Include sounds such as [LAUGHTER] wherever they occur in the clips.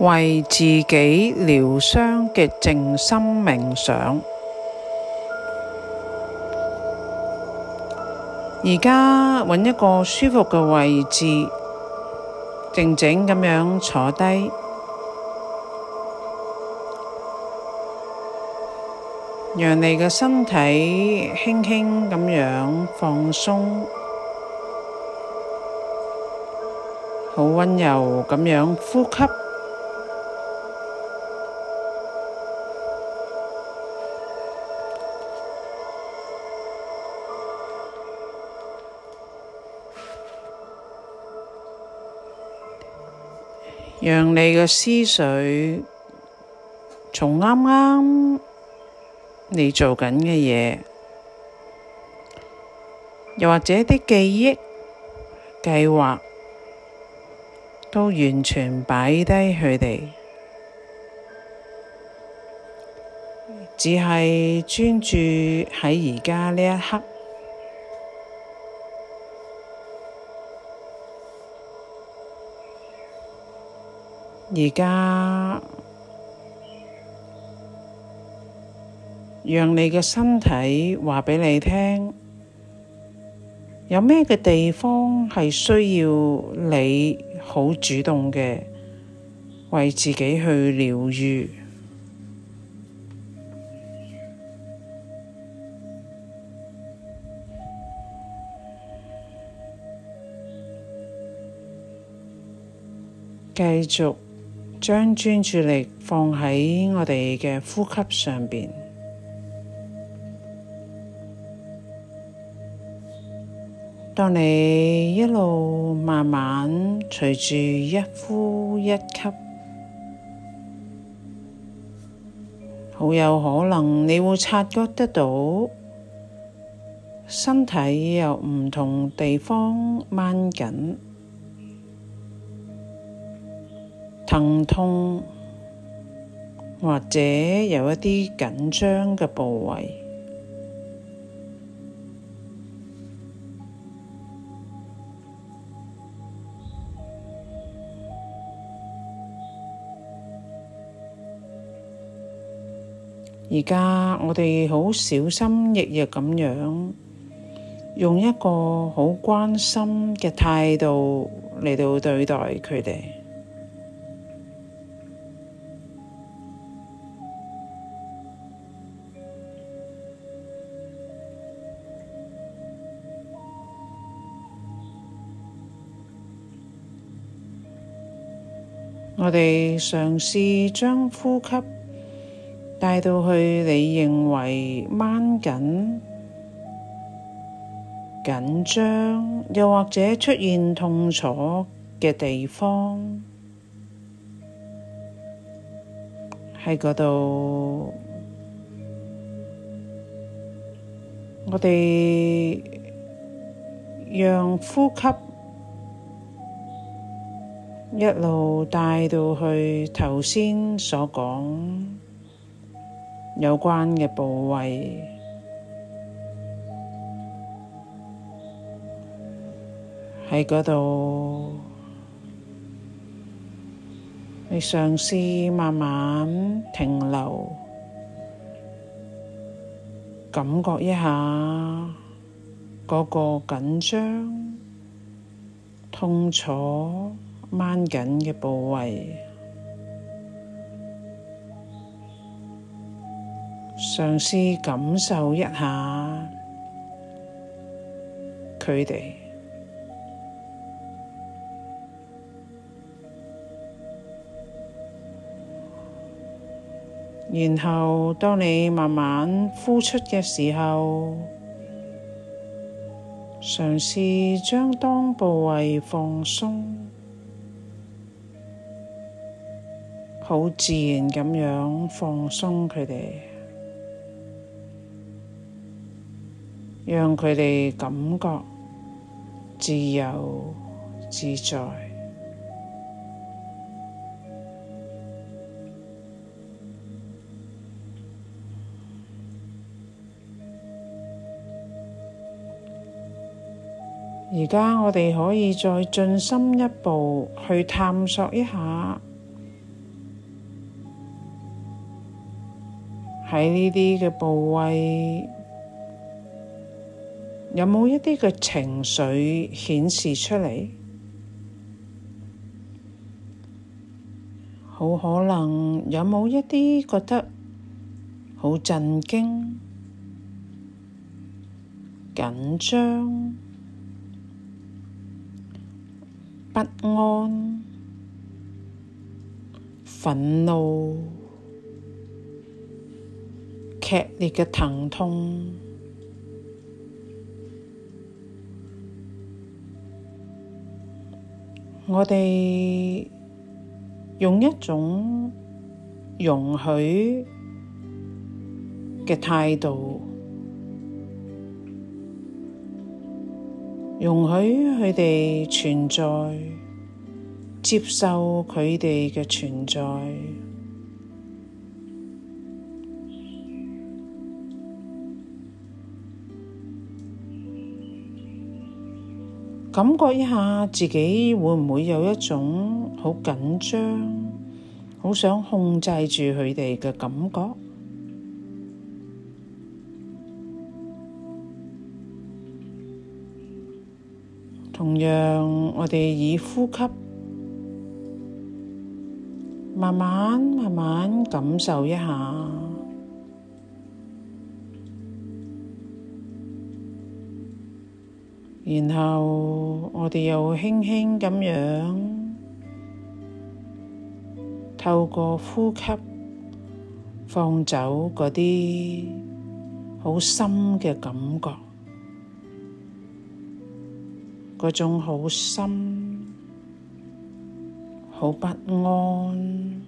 為自己療傷嘅靜心冥想，而家搵一個舒服嘅位置，靜靜咁樣坐低，讓你嘅身體輕輕咁樣放鬆，好温柔咁樣呼吸。讓你嘅思緒從啱啱你做緊嘅嘢，又或者啲記憶、計劃，都完全擺低佢哋，只係專注喺而家呢一刻。而家，讓你嘅身體話畀你聽，有咩嘅地方係需要你好主動嘅，為自己去療愈，繼續。將專注力放喺我哋嘅呼吸上邊。當你一路慢慢隨住一呼一吸，好有可能你會察覺得到身體由唔同地方掹緊，疼痛，或者有一啲緊張嘅部位，而家我哋好小心翼翼咁樣，用一個好關心嘅態度嚟到對待佢哋。我哋嘗試將呼吸帶到去你認為掹緊、緊張，又或者出現痛楚嘅地方，喺嗰度，我哋讓呼吸。一路帶到去頭先所講 [NOISE] 有關嘅部位，喺嗰度， [NOISE] [NOISE] 你嘗試慢慢停留， [NOISE] 感覺一下嗰個緊張、 [NOISE] 痛楚。掹緊嘅部位，嘗試感受一下佢哋。然後，當你慢慢呼出嘅時候，嘗試將當部位放鬆。好自然咁樣放鬆佢哋，讓佢哋感覺自由自在。而家我哋可以再進深一步去探索一下。喺呢啲嘅部位，有冇一啲嘅情緒顯示出嚟？好可能有冇一啲覺得好震驚、緊張、不安、憤怒？劇烈嘅疼痛，我哋用一種容許嘅態度，容許佢哋存在，接受佢哋嘅存在。感覺一下自己會唔會有一種好緊張、好想控制住佢哋嘅感覺。同樣，我哋以呼吸慢慢、慢慢感受一下。然後我哋又輕輕咁樣透過呼吸放走嗰啲好深嘅感覺，嗰種好深、好不安、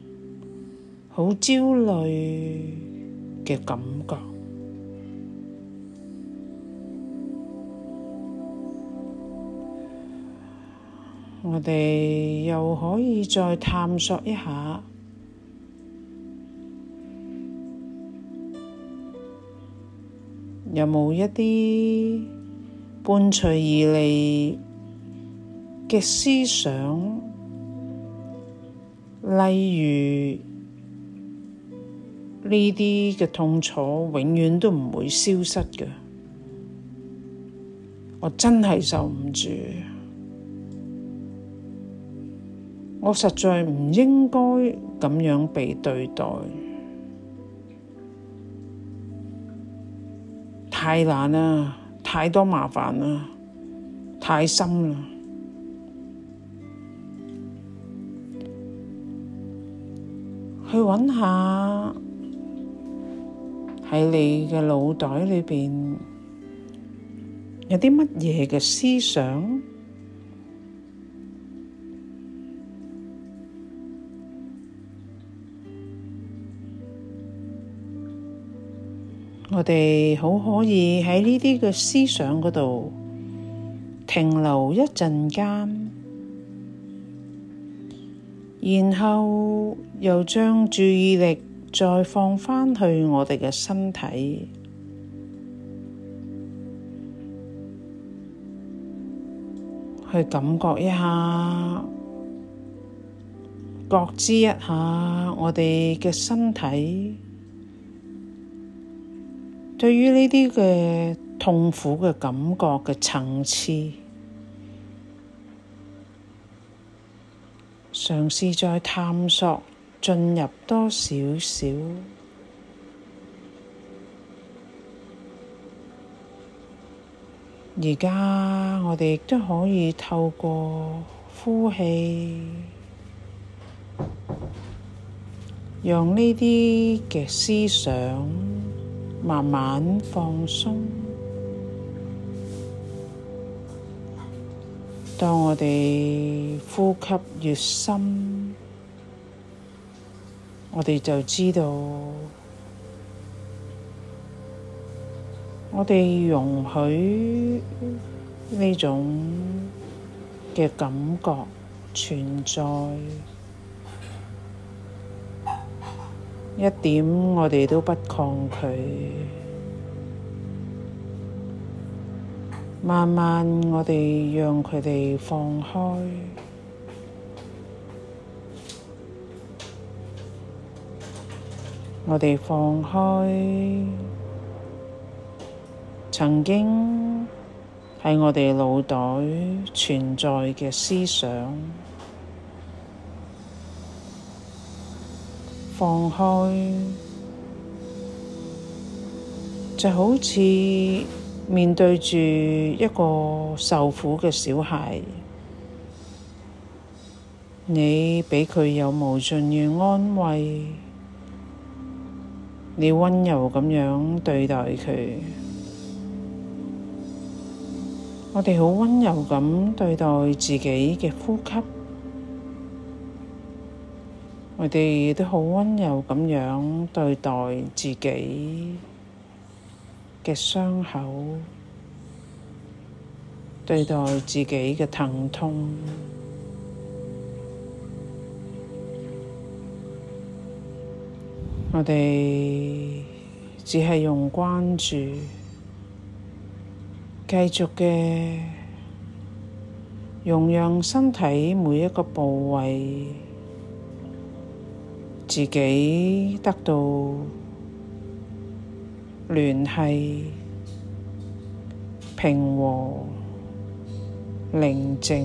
好焦慮嘅感覺。我哋又可以再探索一下，有冇一啲伴隨而嚟嘅思想？例如呢啲嘅痛楚，永遠都唔會消失嘅。我真係受唔住。我實在唔應該咁樣被對待，太難啦，太多麻煩啦，太深啦。去揾下喺你嘅腦袋裏邊有啲乜嘢嘅思想？我哋好可以喺呢啲嘅思想嗰度停留一陣間，然後又將注意力再放返去我哋嘅身體，去感覺一下、覺知一下我哋嘅身體。對於呢啲嘅痛苦嘅感覺嘅層次，嘗試再探索進入多多少少。而家我哋亦都可以透過呼氣，讓呢啲嘅思想。慢慢放鬆。當我哋呼吸越深，我哋就知道，我哋容許呢種嘅感覺存在。一點我哋都不抗拒，慢慢我哋讓佢哋放開，我哋放開曾經喺我哋腦袋存在嘅思想。放開就好似面對住一個受苦嘅小孩，你畀佢有無盡嘅安慰，你溫柔温柔咁樣對待佢。我哋好温柔咁對待自己嘅呼吸。我哋都好溫柔咁樣對待自己嘅傷口，對待自己嘅疼痛。我哋只係用關注，繼續嘅容讓身體每一個部位。自己得到聯繫，平和、寧靜。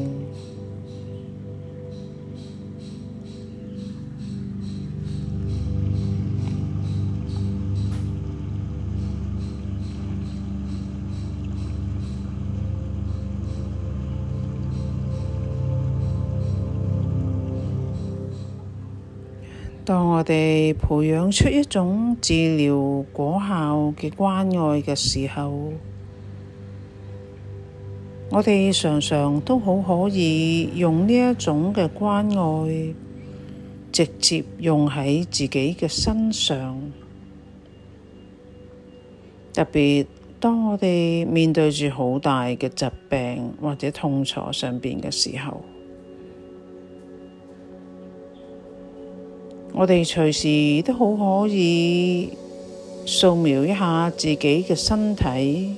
當我哋培養出一種治療果效嘅關愛嘅時候，我哋常常都好可以用呢一種嘅關愛，直接用喺自己嘅身上。特別當我哋面對住好大嘅疾病或者痛楚上邊嘅時候。我哋隨時都好可以掃描一下自己嘅身體，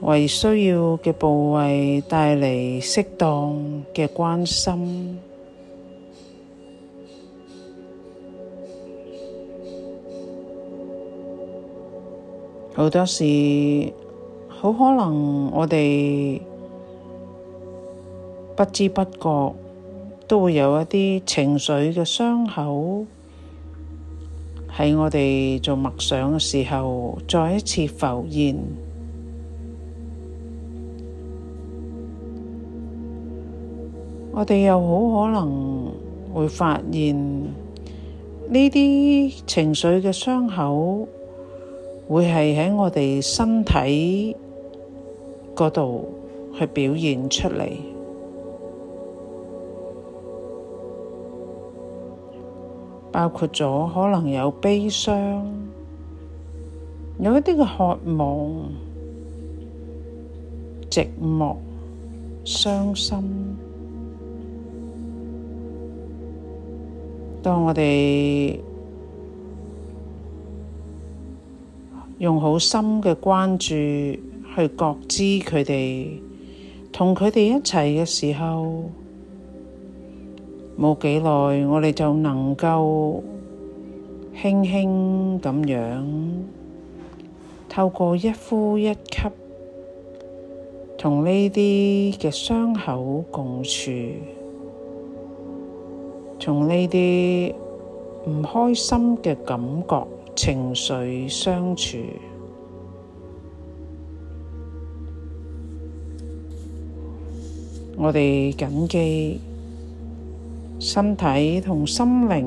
為需要嘅部位帶嚟適當嘅關心。好多時，好可能我哋不知不覺，都會有一啲情緒嘅傷口，喺我哋做默想嘅時候，再一次浮現。我哋又好可能會發現，呢啲情緒嘅傷口，會係喺我哋身體嗰度去表現出嚟。包括咗可能有悲傷，有一啲嘅渴望、寂寞、傷心。當我哋用好深嘅關注去覺知佢哋，同佢哋一齊嘅時候，冇幾耐，我哋就能夠輕輕咁樣透過一呼一吸，同呢啲嘅傷口共處，同呢啲唔開心嘅感覺情緒相處，我哋緊記。身體同心靈，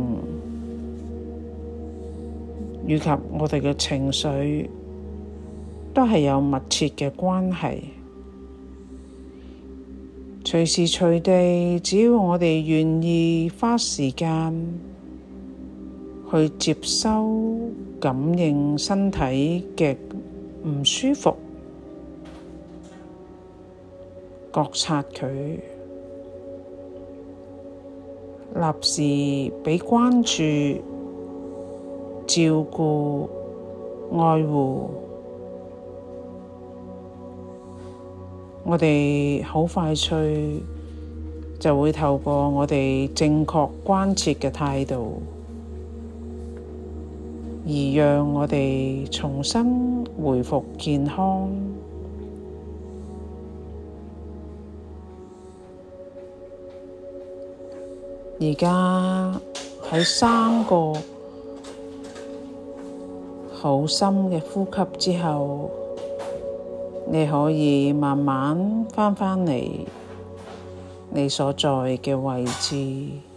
以及我哋嘅情緒，都係有密切嘅關係。隨時隨地，只要我哋願意花時間去接收、感應身體嘅唔舒服，覺察佢。立時畀關注、照顧、愛護，我哋好快脆就會透過我哋正確關切嘅態度，而讓我哋重新回復健康。而家喺三個好深嘅呼吸之後，你可以慢慢翻返嚟你所在嘅位置。